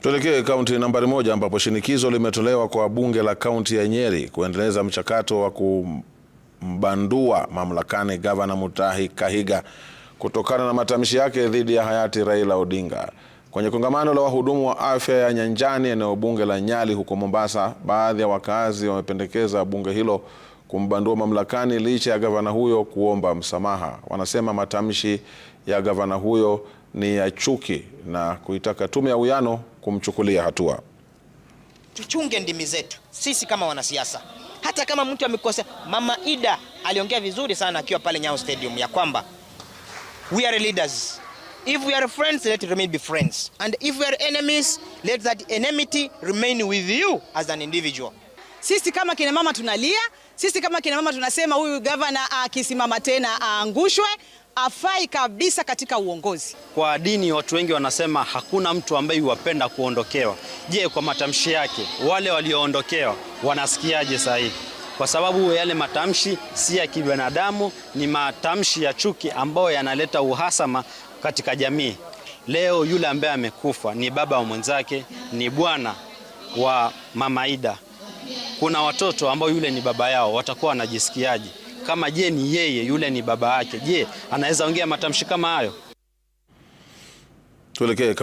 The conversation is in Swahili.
Tuelekee kaunti nambari moja ambapo shinikizo limetolewa kwa bunge la kaunti ya Nyeri kuendeleza mchakato wa kumbandua mamlakani gavana Mutahi Kahiga kutokana na matamshi yake dhidi ya hayati Raila Odinga. Kwenye kongamano la wahudumu wa afya ya nyanjani eneo bunge la Nyali huko Mombasa, baadhi ya wakazi wamependekeza bunge hilo kumbandua mamlakani licha ya gavana huyo kuomba msamaha. Wanasema matamshi ya gavana huyo ni ya chuki na kuitaka tume ya uwiano kumchukulia hatua. Tuchunge ndimi zetu sisi kama wanasiasa, hata kama mtu amekosea. Mama Ida aliongea vizuri sana akiwa pale Nyayo Stadium ya kwamba we are leaders if we are friends let it remain be friends and if we are enemies let that enmity remain with you as an individual. Sisi kama kina mama tunalia, sisi kama kina mama tunasema huyu gavana akisimama tena aangushwe, afai kabisa katika uongozi. Kwa dini watu wengi wanasema hakuna mtu ambaye huwapenda kuondokewa. Je, kwa matamshi yake wale walioondokewa wanasikiaje sahihi? Kwa sababu yale matamshi si ya kibinadamu, ni matamshi ya chuki ambayo yanaleta uhasama katika jamii. Leo yule ambaye amekufa ni baba wa mwenzake, ni bwana wa mama Ida kuna watoto ambao yule ni baba yao, watakuwa wanajisikiaje? Kama je ni yeye, yule ni baba yake, je anaweza ongea matamshi kama hayo? Tuelekee